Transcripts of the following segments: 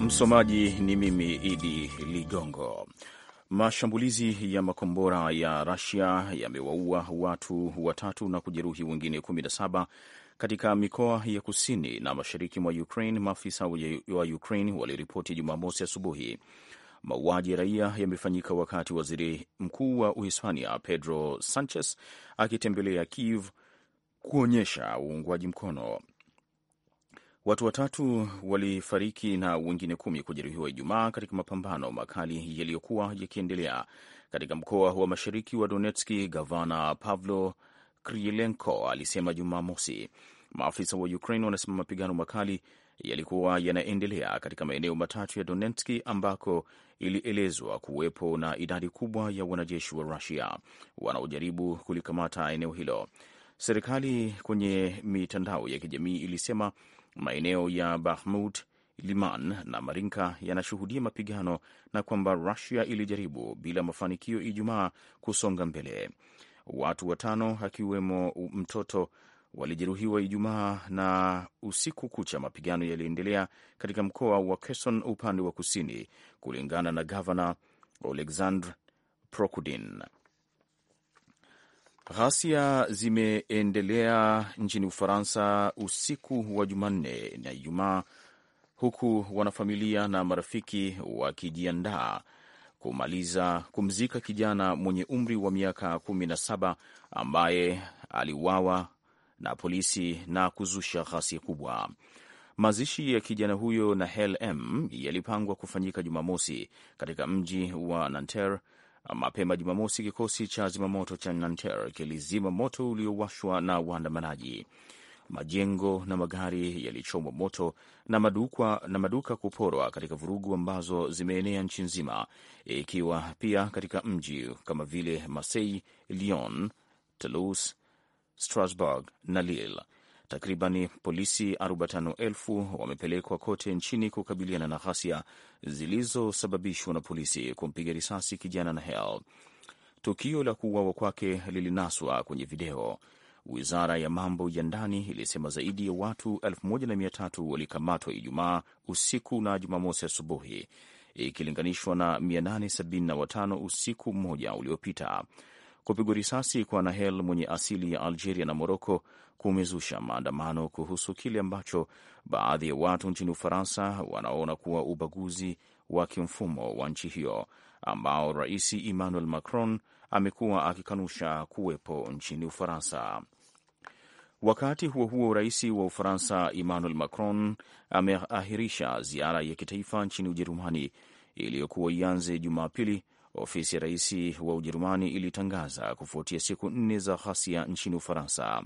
Msomaji ni mimi Idi Ligongo. Mashambulizi ya makombora ya rasia yamewaua watu watatu na kujeruhi wengine 17 katika mikoa ya kusini na mashariki mwa Ukraine, maafisa wa Ukraine waliripoti Jumamosi asubuhi. Mauaji ya raia yamefanyika wakati waziri mkuu wa Uhispania Pedro Sanchez akitembelea Kiev kuonyesha uungwaji mkono. Watu watatu walifariki na wengine kumi kujeruhiwa Ijumaa katika mapambano makali yaliyokuwa yakiendelea katika mkoa wa mashariki wa Donetski. Gavana Pavlo Krylenko alisema Jumamosi maafisa wa Ukraine wanasema mapigano makali yalikuwa yanaendelea katika maeneo matatu ya Donetski ambako ilielezwa kuwepo na idadi kubwa ya wanajeshi wa Rusia wanaojaribu kulikamata eneo hilo. Serikali kwenye mitandao ya kijamii ilisema Maeneo ya bahmut Liman na Marinka yanashuhudia mapigano na kwamba Rusia ilijaribu bila mafanikio Ijumaa kusonga mbele. Watu watano akiwemo mtoto walijeruhiwa Ijumaa na usiku kucha mapigano yaliendelea katika mkoa wa Kherson upande wa kusini, kulingana na gavana Oleksandr Prokudin. Ghasia zimeendelea nchini Ufaransa usiku wa Jumanne na Ijumaa, huku wanafamilia na marafiki wakijiandaa kumaliza kumzika kijana mwenye umri wa miaka 17 ambaye aliuawa na polisi na kuzusha ghasia kubwa. Mazishi ya kijana huyo Nahel M yalipangwa kufanyika Jumamosi katika mji wa Nanterre Mapema Jumamosi, kikosi cha zimamoto cha nanter kilizima moto uliowashwa na waandamanaji. Majengo na magari yalichomwa moto na maduka, na maduka kuporwa katika vurugu ambazo zimeenea nchi nzima, ikiwa pia katika mji kama vile Marseille, Lyon, Toulouse, Strasbourg na Lille. Takriban polisi 45,000 wamepelekwa kote nchini kukabiliana na ghasia zilizosababishwa na polisi kumpiga risasi kijana na Hel. Tukio la kuuawa kwake lilinaswa kwenye video. Wizara ya mambo ya ndani ilisema zaidi ya watu 1300 walikamatwa Ijumaa usiku na Jumamosi asubuhi ikilinganishwa na 875 usiku mmoja uliopita. Kupigwa risasi kwa Nahel mwenye asili ya Algeria na Moroko kumezusha maandamano kuhusu kile ambacho baadhi ya watu nchini Ufaransa wanaona kuwa ubaguzi wa kimfumo wa nchi hiyo ambao Rais Emmanuel Macron amekuwa akikanusha kuwepo nchini Ufaransa. Wakati huo huo, rais wa Ufaransa Emmanuel Macron ameahirisha ziara ya kitaifa nchini Ujerumani iliyokuwa ianze Jumapili ofisi ya rais wa Ujerumani ilitangaza kufuatia siku nne za ghasia nchini Ufaransa.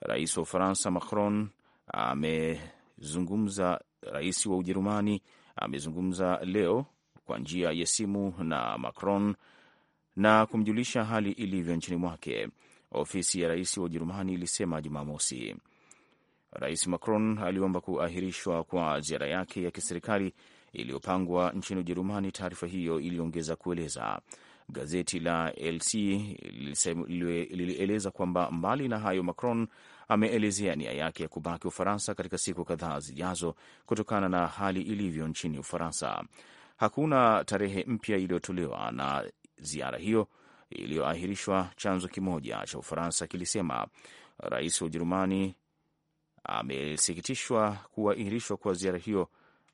Rais wa Ufaransa Macron amezungumza, rais wa Ujerumani amezungumza leo kwa njia ya simu na Macron na kumjulisha hali ilivyo nchini mwake. Ofisi ya rais wa Ujerumani ilisema Jumamosi. Rais Macron aliomba kuahirishwa kwa ziara yake ya kiserikali iliyopangwa nchini Ujerumani. Taarifa hiyo iliongeza kueleza gazeti la LC lilieleza kwamba mbali na hayo, Macron ameelezea nia yake ya kubaki Ufaransa katika siku kadhaa zijazo kutokana na hali ilivyo nchini Ufaransa. Hakuna tarehe mpya iliyotolewa na ziara hiyo iliyoahirishwa. Chanzo kimoja cha Ufaransa kilisema rais wa Ujerumani amesikitishwa kuahirishwa kwa ziara hiyo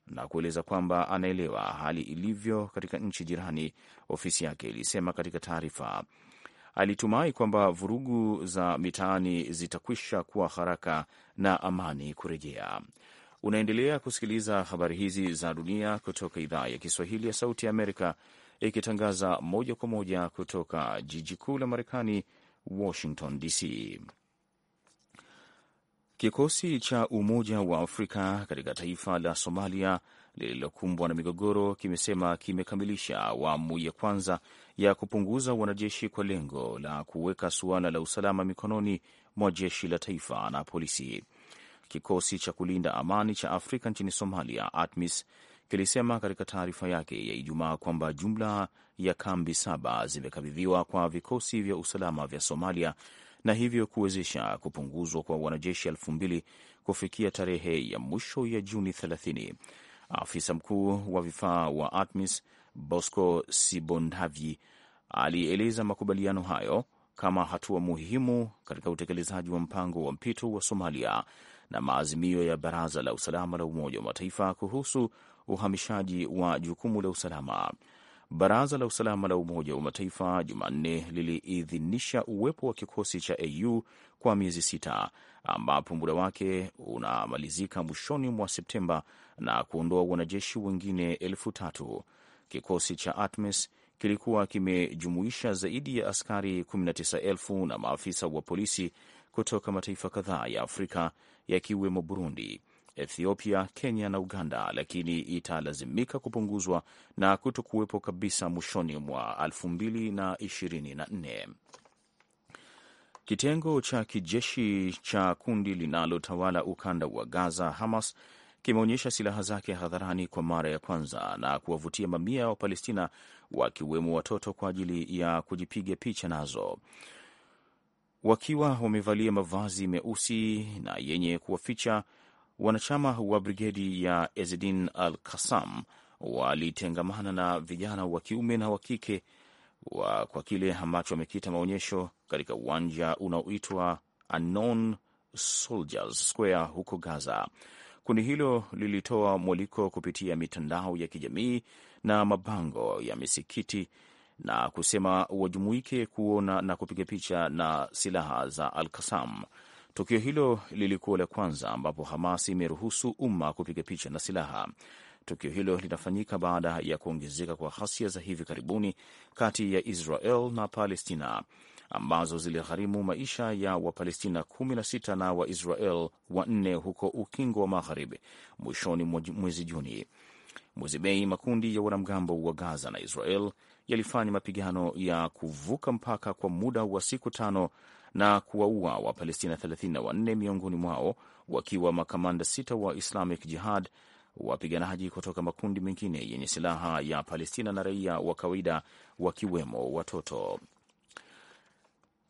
na kueleza kwamba anaelewa hali ilivyo katika nchi jirani, ofisi yake ilisema katika taarifa. Alitumai kwamba vurugu za mitaani zitakwisha kuwa haraka na amani kurejea. Unaendelea kusikiliza habari hizi za dunia kutoka idhaa ya Kiswahili ya Sauti ya Amerika, ikitangaza moja kwa moja kutoka jiji kuu la Marekani, Washington DC. Kikosi cha Umoja wa Afrika katika taifa la Somalia lililokumbwa na migogoro kimesema kimekamilisha awamu ya kwanza ya kupunguza wanajeshi kwa lengo la kuweka suala la usalama mikononi mwa jeshi la taifa na polisi. Kikosi cha kulinda amani cha Afrika nchini Somalia, ATMIS, kilisema katika taarifa yake ya Ijumaa kwamba jumla ya kambi saba zimekabidhiwa kwa vikosi vya usalama vya Somalia na hivyo kuwezesha kupunguzwa kwa wanajeshi elfu mbili kufikia tarehe ya mwisho ya Juni 30. Afisa mkuu wa vifaa wa ATMIS Bosco Sibondavi alieleza makubaliano hayo kama hatua muhimu katika utekelezaji wa mpango wa mpito wa Somalia na maazimio ya Baraza la Usalama la Umoja wa Mataifa kuhusu uhamishaji wa jukumu la usalama. Baraza la Usalama la Umoja wa Mataifa Jumanne liliidhinisha uwepo wa kikosi cha AU kwa miezi sita, ambapo muda wake unamalizika mwishoni mwa Septemba na kuondoa wanajeshi wengine elfu tatu. Kikosi cha ATMIS kilikuwa kimejumuisha zaidi ya askari 19,000 na maafisa wa polisi kutoka mataifa kadhaa ya Afrika yakiwemo Burundi. Ethiopia, Kenya na Uganda, lakini italazimika kupunguzwa na kuto kuwepo kabisa mwishoni mwa 2024. Kitengo cha kijeshi cha kundi linalotawala ukanda wa Gaza, Hamas, kimeonyesha silaha zake hadharani kwa mara ya kwanza na kuwavutia mamia ya Wapalestina, wakiwemo watoto, kwa ajili ya kujipiga picha nazo wakiwa wamevalia mavazi meusi na yenye kuwaficha Wanachama wa brigedi ya Ezidin al Kasam walitengamana na vijana wa kiume na wa kike wa kwa kile ambacho wamekita maonyesho katika uwanja unaoitwa Anon Soldiers Square huko Gaza. Kundi hilo lilitoa mwaliko kupitia mitandao ya kijamii na mabango ya misikiti na kusema wajumuike kuona na kupiga picha na silaha za Al Kasam. Tukio hilo lilikuwa la kwanza ambapo Hamas imeruhusu umma kupiga picha na silaha. Tukio hilo linafanyika baada ya kuongezeka kwa ghasia za hivi karibuni kati ya Israel na Palestina ambazo ziligharimu maisha ya Wapalestina 16 na Waisrael wanne huko Ukingo wa Magharibi mwishoni mwezi Juni. Mwezi Mei, makundi ya wanamgambo wa Gaza na Israel yalifanya mapigano ya kuvuka mpaka kwa muda wa siku tano na kuwaua Wapalestina 34 miongoni mwao wakiwa makamanda sita wa Islamic Jihad, wapiganaji kutoka makundi mengine yenye silaha ya Palestina na raia wa kawaida wakiwemo watoto.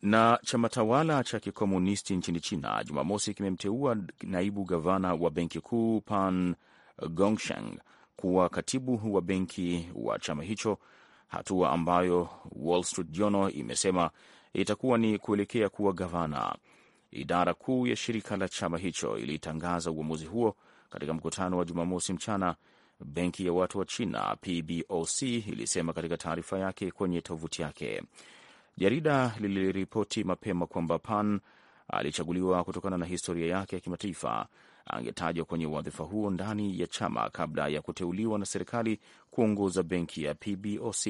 Na chama tawala cha kikomunisti nchini China Jumamosi kimemteua naibu gavana wa benki kuu Pan Gongshang kuwa katibu wa benki wa chama hicho, hatua ambayo Wall Street Journal imesema itakuwa ni kuelekea kuwa gavana. Idara kuu ya shirika la chama hicho ilitangaza uamuzi huo katika mkutano wa Jumamosi mchana. Benki ya watu wa China PBOC ilisema katika taarifa yake kwenye tovuti yake. Jarida liliripoti mapema kwamba Pan alichaguliwa kutokana na historia yake ya kimataifa. Angetajwa kwenye wadhifa huo ndani ya chama kabla ya kuteuliwa na serikali kuongoza benki ya PBOC.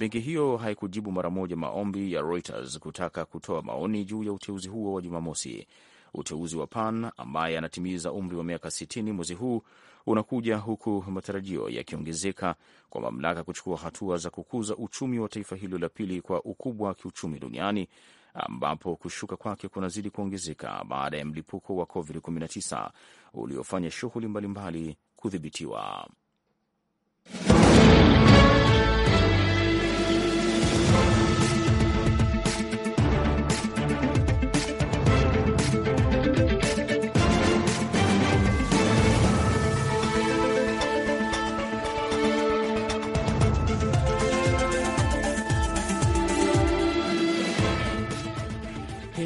Benki hiyo haikujibu mara moja maombi ya Reuters kutaka kutoa maoni juu ya uteuzi huo wa Jumamosi. Uteuzi wa Pan ambaye anatimiza umri wa miaka 60 mwezi huu unakuja huku matarajio yakiongezeka kwa mamlaka kuchukua hatua za kukuza uchumi wa taifa hilo la pili kwa ukubwa wa kiuchumi duniani ambapo kushuka kwake kunazidi kuongezeka baada ya mlipuko wa COVID-19 uliofanya shughuli mbalimbali kudhibitiwa.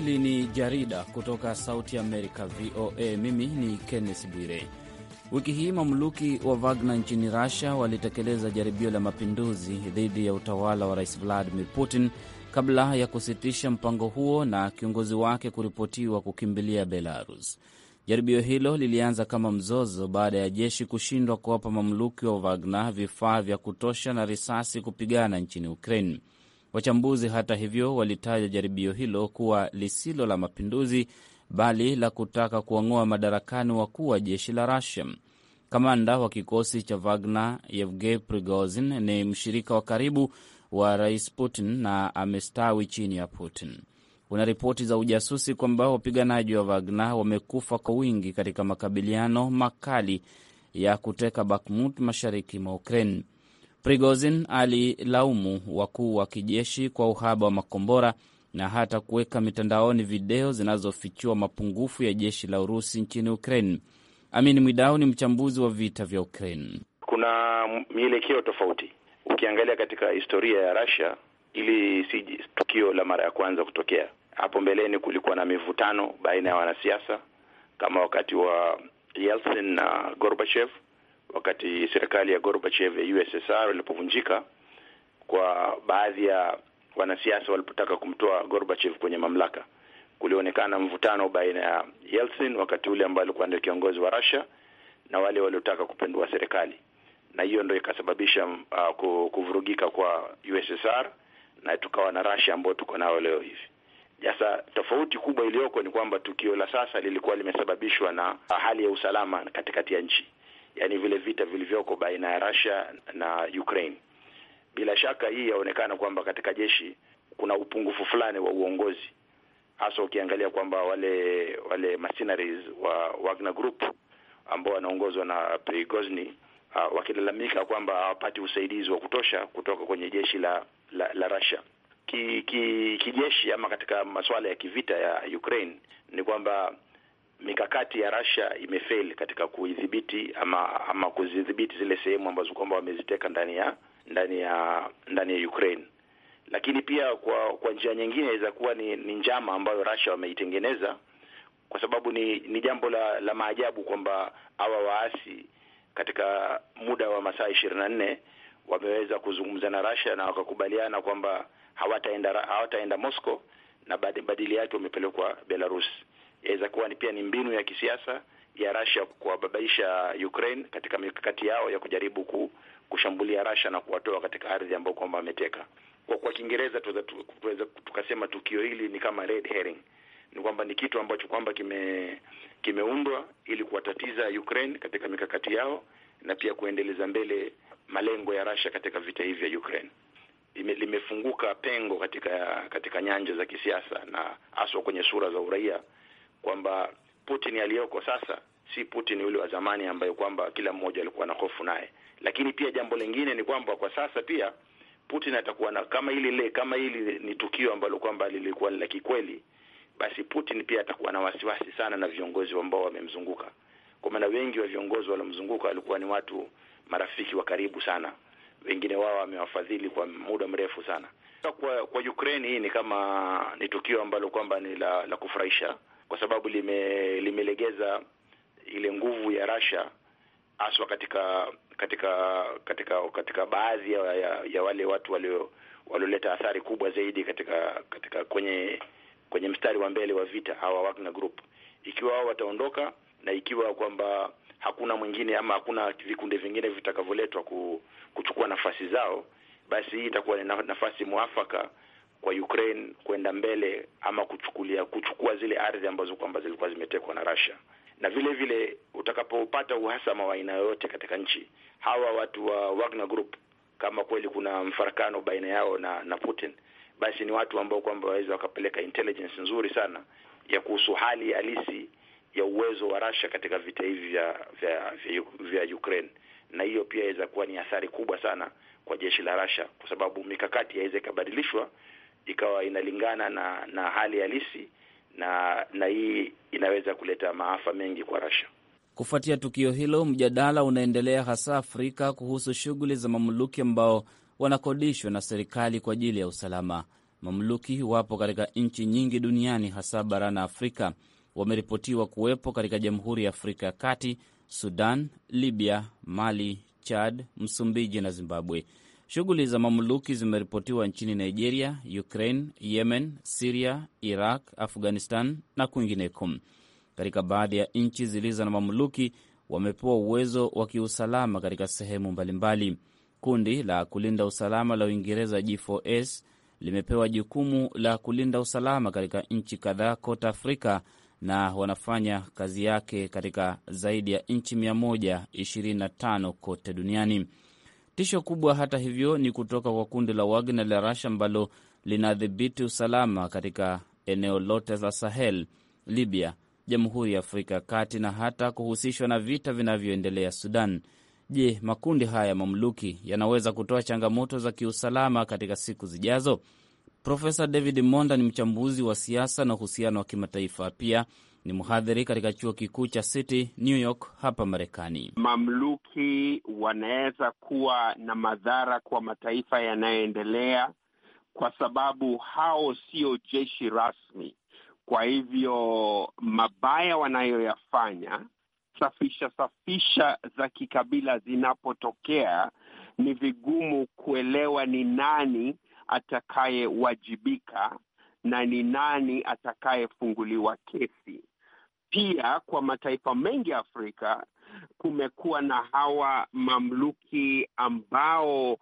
Hili ni jarida kutoka Sauti Amerika, VOA. Mimi ni kennes Bwire. Wiki hii mamluki wa Wagner nchini rusia walitekeleza jaribio la mapinduzi dhidi ya utawala wa Rais Vladimir Putin kabla ya kusitisha mpango huo na kiongozi wake kuripotiwa kukimbilia Belarus. Jaribio hilo lilianza kama mzozo baada ya jeshi kushindwa kuwapa mamluki wa Wagner vifaa vya kutosha na risasi kupigana nchini Ukraine. Wachambuzi hata hivyo walitaja jaribio hilo kuwa lisilo la mapinduzi, bali la kutaka kuwang'oa madarakani wakuu wa jeshi la Rusia. Kamanda wa kikosi cha Wagner Yevgeny Prigozhin ni mshirika wa karibu wa rais Putin na amestawi chini ya Putin. Kuna ripoti za ujasusi kwamba wapiganaji wa Wagner wamekufa kwa wingi katika makabiliano makali ya kuteka Bakhmut mashariki mwa Ukraine prigozin alilaumu wakuu wa kijeshi kwa uhaba wa makombora na hata kuweka mitandaoni video zinazofichua mapungufu ya jeshi la Urusi nchini Ukraine. Amin Mwidau ni mchambuzi wa vita vya Ukraine. Kuna mielekeo tofauti. Ukiangalia katika historia ya Russia, ili si tukio la mara ya kwanza kutokea. Hapo mbeleni kulikuwa na mivutano baina ya wanasiasa kama wakati wa Yeltsin na Gorbachev wakati serikali ya Gorbachev ya USSR ilipovunjika, kwa baadhi ya wanasiasa walipotaka kumtoa Gorbachev kwenye mamlaka, kulionekana mvutano baina ya Yeltsin wakati ule ambaye alikuwa ndio kiongozi wa Russia na wale waliotaka kupindua serikali, na hiyo ndio ikasababisha uh, kuvurugika kwa USSR na tukawa na Russia ambayo tuko nayo leo hivi. Sasa tofauti kubwa iliyoko ni kwamba tukio la sasa lilikuwa limesababishwa na uh, hali ya usalama katikati ya nchi yani vile vita vilivyoko baina ya Russia na Ukraine. Bila shaka hii yaonekana kwamba katika jeshi kuna upungufu fulani wa uongozi, hasa ukiangalia kwamba wale wale mercenaries wa Wagner Group ambao wanaongozwa na Prigozhin uh, wakilalamika kwamba hawapati usaidizi wa kutosha kutoka kwenye jeshi la la, la Russia. Ki, ki, kijeshi ama katika masuala ya kivita ya Ukraine ni kwamba mikakati ya Russia imefeli katika kuidhibiti ama ama kuzidhibiti zile sehemu ambazo kwamba wameziteka ndani ya ndani ya ndani ya Ukraine. Lakini pia kwa kwa njia nyingine inaweza kuwa ni, ni njama ambayo Russia wameitengeneza kwa sababu ni ni jambo la, la maajabu kwamba hawa waasi katika muda wa masaa ishirini na nne wameweza kuzungumza na Russia na wakakubaliana kwamba hawataenda hawataenda Moscow na badili yake wamepelekwa Belarus yaweza kuwa ni pia ni mbinu ya kisiasa ya Russia kuwababaisha Ukraine katika mikakati yao ya kujaribu ku, kushambulia Russia na kuwatoa katika ardhi ambayo kwamba wameteka. Kwa kwa Kiingereza tunaweza tukasema tukio hili ni kama red herring, ni kwamba ni kitu ambacho kwamba kime kimeundwa ili kuwatatiza Ukraine katika mikakati yao na pia kuendeleza mbele malengo ya Russia katika vita hivi vya Ukraine. Ime, limefunguka pengo katika katika nyanja za kisiasa na haswa kwenye sura za uraia kwamba Putin aliyoko sasa si Putin yule wa zamani ambayo kwamba kila mmoja alikuwa na hofu naye. Lakini pia jambo lingine ni kwamba kwa sasa pia Putin atakuwa na kama hili le kama hili ni tukio ambalo kwamba lilikuwa la kikweli, basi Putin pia atakuwa na wasiwasi sana na viongozi ambao wamemzunguka, kwa maana wengi wa viongozi waliomzunguka walikuwa ni watu marafiki wa karibu sana, wengine wao wamewafadhili kwa muda mrefu sana. Kwa kwa Ukraine hii ni kama ni tukio ambalo kwamba ni la, la kufurahisha kwa sababu lime, limelegeza ile nguvu ya Russia haswa katika katika katika katika baadhi ya, ya, ya wale watu walio walioleta athari kubwa zaidi katika katika kwenye kwenye mstari wa mbele wa vita hawa Wagner Group. Ikiwa wao wataondoka na ikiwa kwamba hakuna mwingine ama hakuna vikundi vingine vitakavyoletwa kuchukua nafasi zao, basi hii itakuwa ni nafasi mwafaka kwa Ukraine kwenda mbele ama kuchukulia kuchukua zile ardhi ambazo kwamba zilikuwa zimetekwa na Russia. Na vile vile utakapopata uhasama wa aina yoyote katika nchi, hawa watu wa Wagner Group, kama kweli kuna mfarakano baina yao na na Putin, basi ni watu ambao kwamba waweza wakapeleka intelligence nzuri sana ya kuhusu hali halisi ya uwezo wa Russia katika vita hivi vya vya, vya, vya Ukraine, na hiyo pia inaweza kuwa ni athari kubwa sana kwa jeshi la Russia, kwa sababu mikakati yaweza ikabadilishwa ikawa inalingana na na hali halisi na na hii inaweza kuleta maafa mengi kwa Russia. Kufuatia tukio hilo, mjadala unaendelea hasa Afrika kuhusu shughuli za mamluki ambao wanakodishwa na serikali kwa ajili ya usalama. Mamluki wapo katika nchi nyingi duniani, hasa barani Afrika. Wameripotiwa kuwepo katika Jamhuri ya Afrika ya Kati, Sudan, Libya, Mali, Chad, Msumbiji na Zimbabwe. Shughuli za mamluki zimeripotiwa nchini Nigeria, Ukraine, Yemen, Siria, Iraq, Afghanistan na kwingineko. Katika baadhi ya nchi zilizo na mamluki, wamepewa uwezo wa kiusalama katika sehemu mbalimbali. Kundi la kulinda usalama la Uingereza G4S limepewa jukumu la kulinda usalama katika nchi kadhaa kote Afrika na wanafanya kazi yake katika zaidi ya nchi 125 kote duniani. Tisho kubwa hata hivyo ni kutoka kwa kundi la Wagner la Rasha ambalo linadhibiti usalama katika eneo lote la Sahel, Libya, Jamhuri ya Afrika ya Kati na hata kuhusishwa na vita vinavyoendelea Sudan. Je, makundi haya mamluki yanaweza kutoa changamoto za kiusalama katika siku zijazo? Profesa David Monda ni mchambuzi wa siasa na uhusiano wa kimataifa, pia ni mhadhiri katika chuo kikuu cha City New York hapa Marekani. Mamluki wanaweza kuwa na madhara kwa mataifa yanayoendelea kwa sababu hao sio jeshi rasmi. Kwa hivyo mabaya wanayoyafanya, safisha safisha za kikabila zinapotokea, ni vigumu kuelewa ni nani atakayewajibika na ni nani atakayefunguliwa kesi pia kwa mataifa mengi ya Afrika kumekuwa na hawa mamluki ambao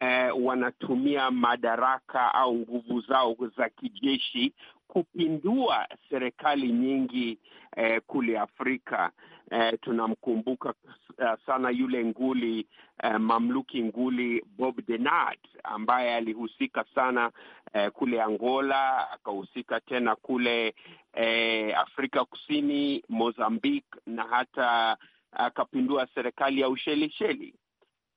eh, wanatumia madaraka au nguvu zao za kijeshi kupindua serikali nyingi eh, kule Afrika eh, tunamkumbuka uh, sana yule nguli eh, mamluki nguli Bob Denard ambaye alihusika sana eh, kule Angola, akahusika tena kule eh, Afrika Kusini, Mozambique na hata akapindua serikali ya Ushelisheli.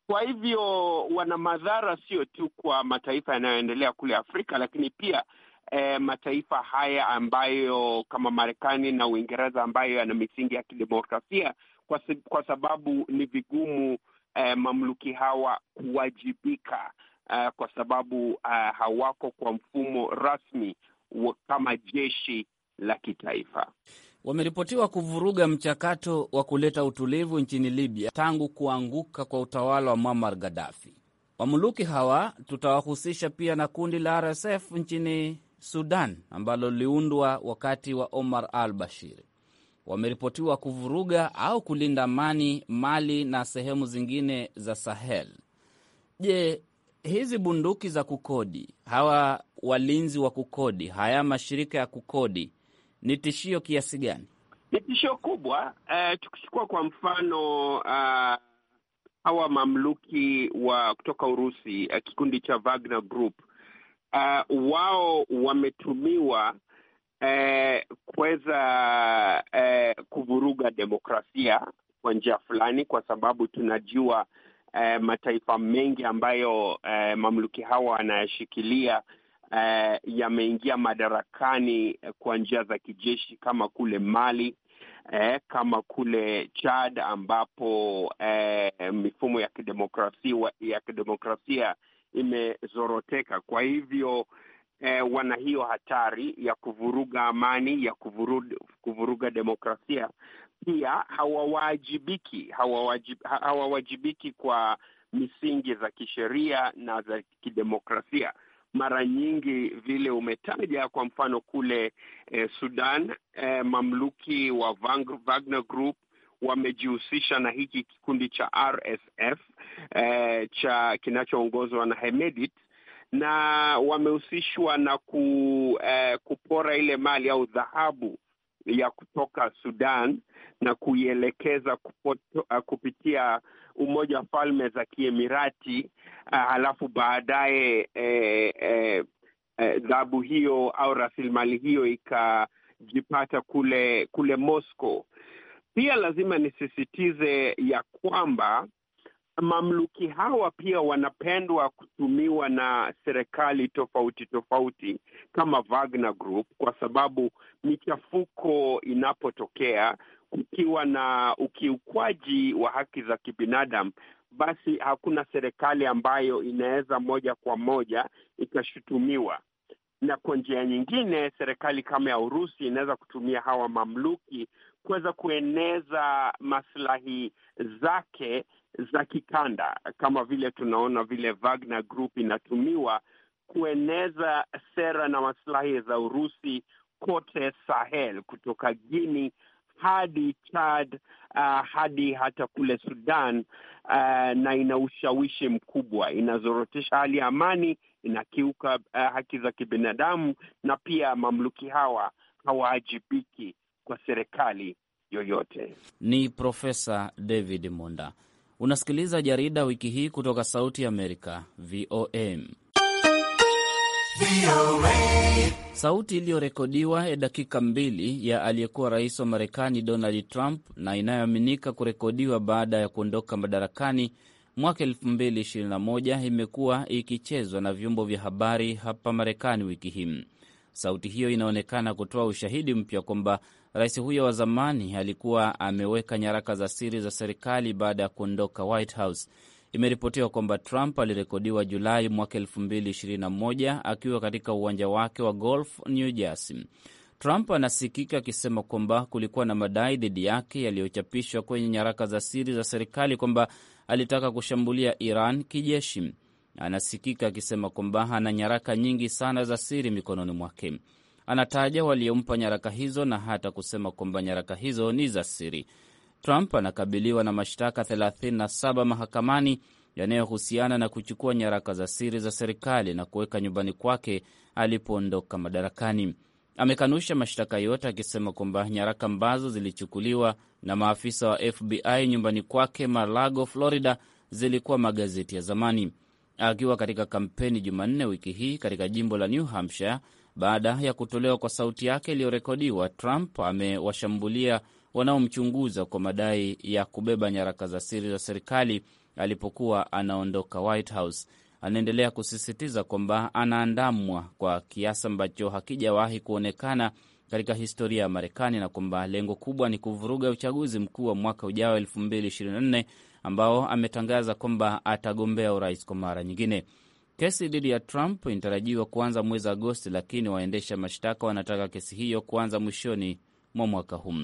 Kwa hivyo wana madhara sio tu kwa mataifa yanayoendelea kule Afrika, lakini pia eh, mataifa haya ambayo kama Marekani na Uingereza ambayo yana misingi ya kidemokrasia kwa, kwa sababu ni vigumu eh, mamluki hawa kuwajibika eh, kwa sababu eh, hawako kwa mfumo rasmi kama jeshi la kitaifa. Wameripotiwa kuvuruga mchakato wa kuleta utulivu nchini Libya tangu kuanguka kwa utawala wa Muammar Gaddafi. Mamluki hawa tutawahusisha pia na kundi la RSF nchini Sudan ambalo liliundwa wakati wa Omar al Bashir wameripotiwa kuvuruga au kulinda amani Mali na sehemu zingine za Sahel. Je, hizi bunduki za kukodi, hawa walinzi wa kukodi, haya mashirika ya kukodi ni tishio kiasi gani? Ni tishio kubwa. Eh, tukichukua kwa mfano uh, hawa mamluki wa kutoka Urusi, uh, kikundi cha Wagner Group uh, wao wametumiwa eh, kuweza eh, kuvuruga demokrasia kwa njia fulani, kwa sababu tunajua eh, mataifa mengi ambayo eh, mamluki hawa wanayashikilia eh, yameingia madarakani kwa njia za kijeshi kama kule Mali eh, kama kule Chad ambapo eh, mifumo ya kidemokrasia ya kidemokrasia imezoroteka. Kwa hivyo eh, wana hiyo hatari ya kuvuruga amani, ya kuvuruga, kuvuruga demokrasia. Pia hawawajibiki hawawajibiki kwa misingi za kisheria na za kidemokrasia. Mara nyingi vile umetaja, kwa mfano kule eh, Sudan, eh, mamluki wa Wagner Group wamejihusisha na hiki kikundi cha RSF eh, cha kinachoongozwa na Hemedit na wamehusishwa na ku, eh, kupora ile mali au dhahabu ya kutoka Sudan na kuielekeza eh, kupitia Umoja wa Falme za Kiemirati, eh, halafu baadaye eh, eh, eh, dhahabu hiyo au rasilimali hiyo ikajipata kule kule Moscow. Pia lazima nisisitize ya kwamba mamluki hawa pia wanapendwa kutumiwa na serikali tofauti tofauti kama Wagner Group, kwa sababu michafuko inapotokea, kukiwa na ukiukwaji wa haki za kibinadamu, basi hakuna serikali ambayo inaweza moja kwa moja ikashutumiwa na kwa njia nyingine, serikali kama ya Urusi inaweza kutumia hawa mamluki kuweza kueneza maslahi zake za kikanda, kama vile tunaona vile Wagner Group inatumiwa kueneza sera na maslahi za Urusi kote Sahel, kutoka Guini hadi Chad uh, hadi hata kule Sudan uh, na ina ushawishi mkubwa, inazorotesha hali ya amani, inakiuka uh, haki za kibinadamu, na pia mamluki hawa hawaajibiki kwa serikali yoyote. Ni Profesa David Monda. Unasikiliza jarida wiki hii kutoka Sauti Amerika, VOM. Sauti iliyorekodiwa ya dakika mbili ya aliyekuwa rais wa Marekani Donald Trump na inayoaminika kurekodiwa baada ya kuondoka madarakani mwaka 2021 imekuwa ikichezwa na vyombo vya habari hapa Marekani wiki hii. Sauti hiyo inaonekana kutoa ushahidi mpya kwamba Rais huyo wa zamani alikuwa ameweka nyaraka za siri za serikali baada ya kuondoka White House. Imeripotiwa kwamba Trump alirekodiwa Julai mwaka 2021 akiwa katika uwanja wake wa golf New Jersey. Trump anasikika akisema kwamba kulikuwa na madai dhidi yake yaliyochapishwa kwenye nyaraka za siri za serikali kwamba alitaka kushambulia Iran kijeshi. Anasikika akisema kwamba ana nyaraka nyingi sana za siri mikononi mwake. Anataja waliompa nyaraka hizo na hata kusema kwamba nyaraka hizo ni za siri. Trump anakabiliwa na mashtaka 37 mahakamani yanayohusiana na kuchukua nyaraka za siri za serikali na kuweka nyumbani kwake alipoondoka madarakani. Amekanusha mashtaka yote akisema kwamba nyaraka ambazo zilichukuliwa na maafisa wa FBI nyumbani kwake Marlago, Florida, zilikuwa magazeti ya zamani. Akiwa katika kampeni Jumanne wiki hii katika jimbo la New Hampshire, baada ya kutolewa kwa sauti yake iliyorekodiwa, Trump amewashambulia wanaomchunguza kwa madai ya kubeba nyaraka za siri za serikali alipokuwa anaondoka White House. Anaendelea kusisitiza kwamba anaandamwa kwa kiasi ambacho hakijawahi kuonekana katika historia ya Marekani na kwamba lengo kubwa ni kuvuruga uchaguzi mkuu wa mwaka ujao 2024 ambao ametangaza kwamba atagombea urais kwa mara nyingine. Kesi dhidi ya Trump inatarajiwa kuanza mwezi Agosti, lakini waendesha mashtaka wanataka kesi hiyo kuanza mwishoni mwa mwaka huu.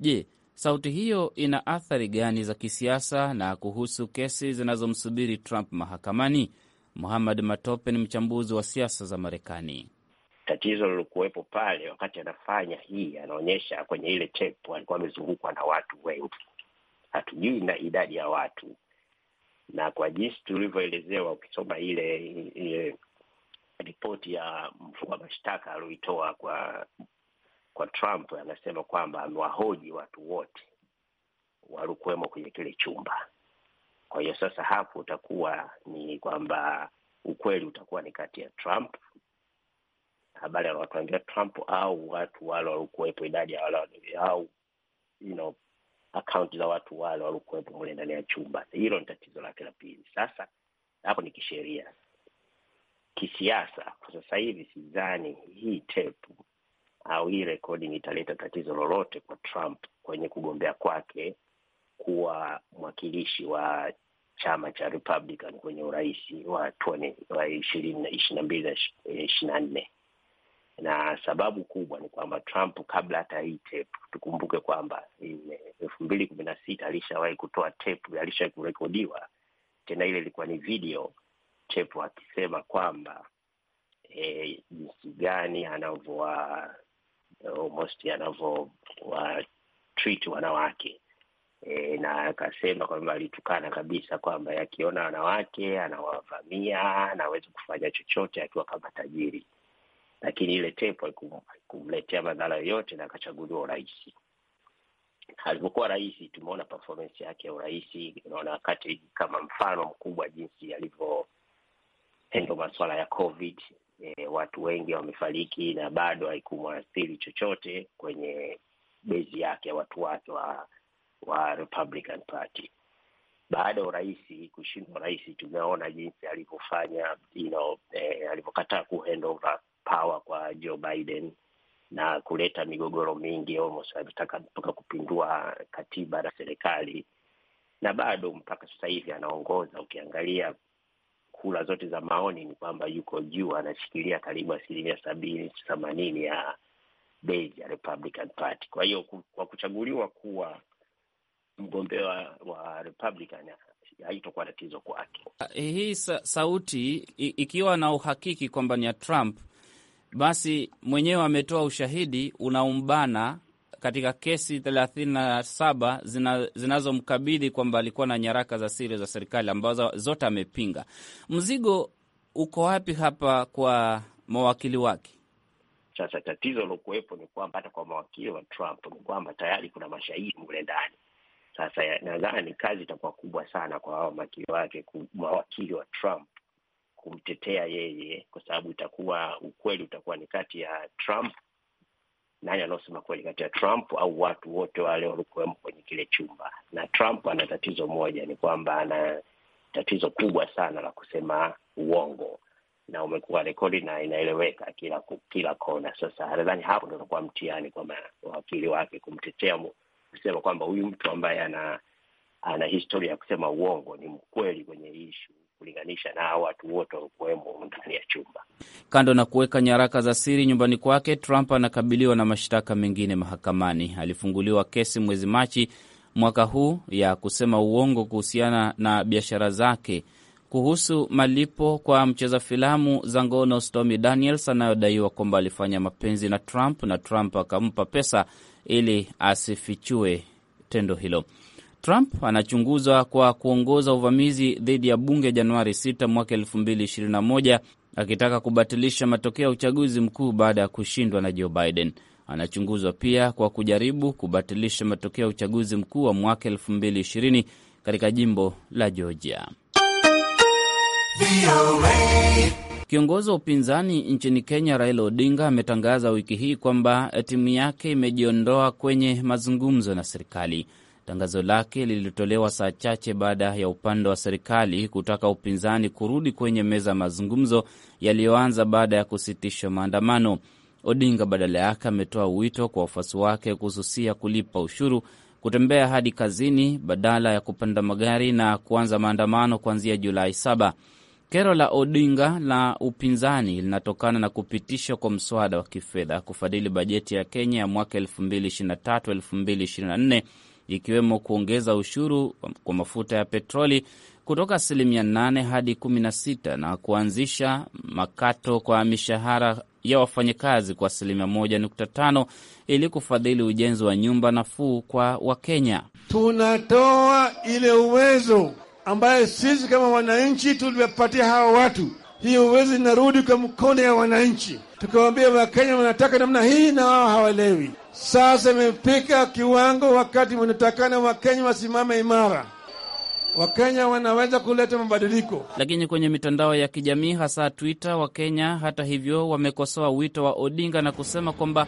Je, sauti hiyo ina athari gani za kisiasa na kuhusu kesi zinazomsubiri Trump mahakamani? muhamad Matope ni mchambuzi wa siasa za Marekani. Tatizo lilokuwepo pale wakati anafanya hii, anaonyesha kwenye ile tape alikuwa amezungukwa na watu wengi, hatujui na idadi ya watu na kwa jinsi tulivyoelezewa, ukisoma ile, ile ripoti ya mfungwa mashtaka alioitoa kwa kwa Trump, anasema kwamba amewahoji watu wote walikuwemo kwenye kile chumba. Kwa hiyo sasa hapo utakuwa ni kwamba ukweli utakuwa ni kati ya Trump habari anawatuambia Trump au watu wale walikuwepo idadi ya wale au you know, akaunti za watu wale waliokuwepo mule ndani ya chumba. Hilo ni tatizo lake la pili. Sasa hapo ni kisheria, kisiasa. Kwa sasa hivi sidhani hii tape au hii recording italeta tatizo lolote kwa Trump kwenye kugombea kwake kuwa mwakilishi wa chama cha Republican kwenye urais wa ishirini na mbili na ishirini na nne na sababu kubwa ni kwamba Trump kabla hata hii tape, tukumbuke kwamba elfu mbili kumi na sita alishawahi kutoa tape, alishawahi kurekodiwa tena, ile ilikuwa ni video tape akisema kwamba e, jinsi gani anavyowa almost wanawake e, na akasema kwamba alitukana kabisa kwamba akiona wanawake anawavamia anaweza kufanya chochote akiwa kama tajiri lakini ile tepo haikumletea madhara yoyote na akachaguliwa urais. Alivyokuwa rais, tumeona performance yake ya urais, unaona wakati kama mfano mkubwa jinsi alivyoendwa masuala ya COVID. E, watu wengi wamefariki na bado haikumwathiri chochote kwenye bezi yake watu wake wa, wa Republican Party. Baada ya urais kushindwa urais, tumeona jinsi alivyofanya you know, e, alivyokataa kuhandover power kwa Joe Biden na kuleta migogoro mingi, almost alitaka mpaka kupindua katiba na serikali, na bado mpaka sasa hivi anaongoza. Ukiangalia kura zote za maoni ni kwamba yuko juu, anashikilia karibu asilimia sabini themanini ya base ya Republican Party. Kwa hiyo kwa kuchaguliwa kuwa mgombea wa, wa Republican haitokuwa tatizo kwake. Ah, hii sa sauti ikiwa na uhakiki kwamba ni ya Trump basi mwenyewe ametoa ushahidi unaumbana katika kesi thelathini na saba zinazomkabili kwamba alikuwa na nyaraka za siri za serikali ambazo zote amepinga. Mzigo uko wapi hapa kwa mawakili wake? Sasa tatizo lokuwepo ni kwamba hata kwa mawakili wa Trump ni kwamba tayari kuna mashahidi mule ndani. Sasa nadhani kazi itakuwa kubwa sana kwa hawa mawakili wake, mawakili wa Trump kumtetea yeye, kwa sababu itakuwa ukweli utakuwa ni kati ya Trump, nani anaosema kweli kati ya Trump au watu wote wale waliokuwemo kwenye kile chumba. Na Trump ana tatizo moja, ni kwamba ana tatizo kubwa sana la kusema uongo na umekuwa rekodi na inaeleweka kila kila kona. Sasa nadhani hapo ndo utakuwa mtihani kwa wakili wake kumtetea, kusema kwamba huyu mtu ambaye ana ana historia ya kusema uongo ni mkweli kwenye ishu kulinganisha na watu wote waliokuwemo ndani ya chumba. Kando na kuweka nyaraka za siri nyumbani kwake, Trump anakabiliwa na mashtaka mengine mahakamani. Alifunguliwa kesi mwezi Machi mwaka huu ya kusema uongo kuhusiana na biashara zake kuhusu malipo kwa mcheza filamu za ngono Stormy Daniels anayodaiwa kwamba alifanya mapenzi na Trump na Trump akampa pesa ili asifichue tendo hilo. Trump anachunguzwa kwa kuongoza uvamizi dhidi ya bunge Januari 6 mwaka 2021 akitaka kubatilisha matokeo ya uchaguzi mkuu baada ya kushindwa na Joe Biden. Anachunguzwa pia kwa kujaribu kubatilisha matokeo ya uchaguzi mkuu wa mwaka 2020 katika jimbo la Georgia. Kiongozi wa upinzani nchini Kenya Raila Odinga ametangaza wiki hii kwamba timu yake imejiondoa kwenye mazungumzo na serikali. Tangazo lake lilitolewa saa chache baada ya upande wa serikali kutaka upinzani kurudi kwenye meza ya mazungumzo yaliyoanza baada ya kusitishwa maandamano. Odinga badala yake ametoa wito kwa wafuasi wake kususia kulipa ushuru, kutembea hadi kazini badala ya kupanda magari na kuanza maandamano kuanzia Julai saba. Kero la Odinga la upinzani linatokana na kupitishwa kwa mswada wa kifedha kufadhili bajeti ya Kenya ya mwaka 2023/2024 ikiwemo kuongeza ushuru kwa mafuta ya petroli kutoka asilimia 8 hadi 16 na kuanzisha makato kwa mishahara ya wafanyakazi kwa asilimia 1.5 ili kufadhili ujenzi wa nyumba nafuu kwa Wakenya. Tunatoa ile uwezo ambayo sisi kama wananchi tuliwapatia hawa watu, hiyo uwezo inarudi kwa mkono ya wananchi, tukiwaambia Wakenya wanataka namna hii na wao hawaelewi. Sasa imefika kiwango wakati mnatakana Wakenya wasimame imara. Wakenya wanaweza kuleta mabadiliko. Lakini kwenye mitandao ya kijamii hasa Twitter, Wakenya hata hivyo wamekosoa wito wa Odinga na kusema kwamba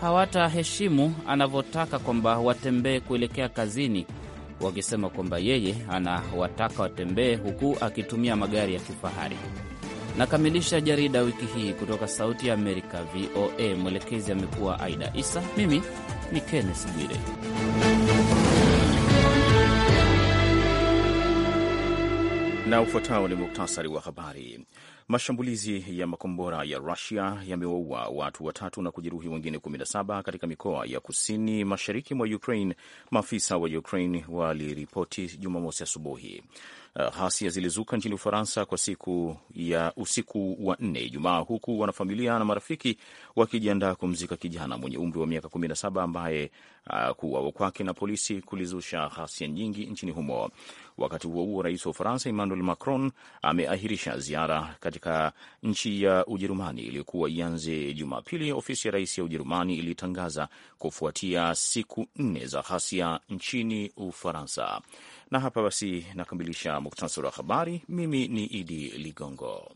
hawataheshimu anavyotaka kwamba watembee kuelekea kazini, wakisema kwamba yeye anawataka watembee huku akitumia magari ya kifahari. Nakamilisha jarida wiki hii kutoka Sauti ya Amerika, VOA. Mwelekezi amekuwa Aida Isa, mimi ni Kenneth Bwire. Na ufuatao ni muktasari wa habari. Mashambulizi ya makombora ya Rusia yamewaua watu watatu na kujeruhi wengine 17 katika mikoa ya kusini mashariki mwa Ukraine, maafisa wa Ukraine waliripoti Jumamosi asubuhi. Uh, ghasia zilizuka nchini Ufaransa kwa siku ya usiku wa nne Ijumaa, huku wanafamilia na marafiki wakijiandaa kumzika kijana mwenye umri wa miaka 17 ambaye uh, kuuawa kwake na polisi kulizusha ghasia nyingi nchini humo. Wakati huo huo, rais wa Ufaransa Emmanuel Macron ameahirisha ziara katika nchi ya Ujerumani iliyokuwa ianze Jumapili, ofisi ya rais ya Ujerumani ilitangaza kufuatia siku nne za ghasia nchini Ufaransa. Na hapa basi nakamilisha muktasari wa habari. Mimi ni Idi Ligongo.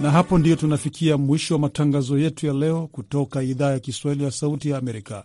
Na hapo ndiyo tunafikia mwisho wa matangazo yetu ya leo kutoka idhaa ya Kiswahili ya Sauti ya Amerika.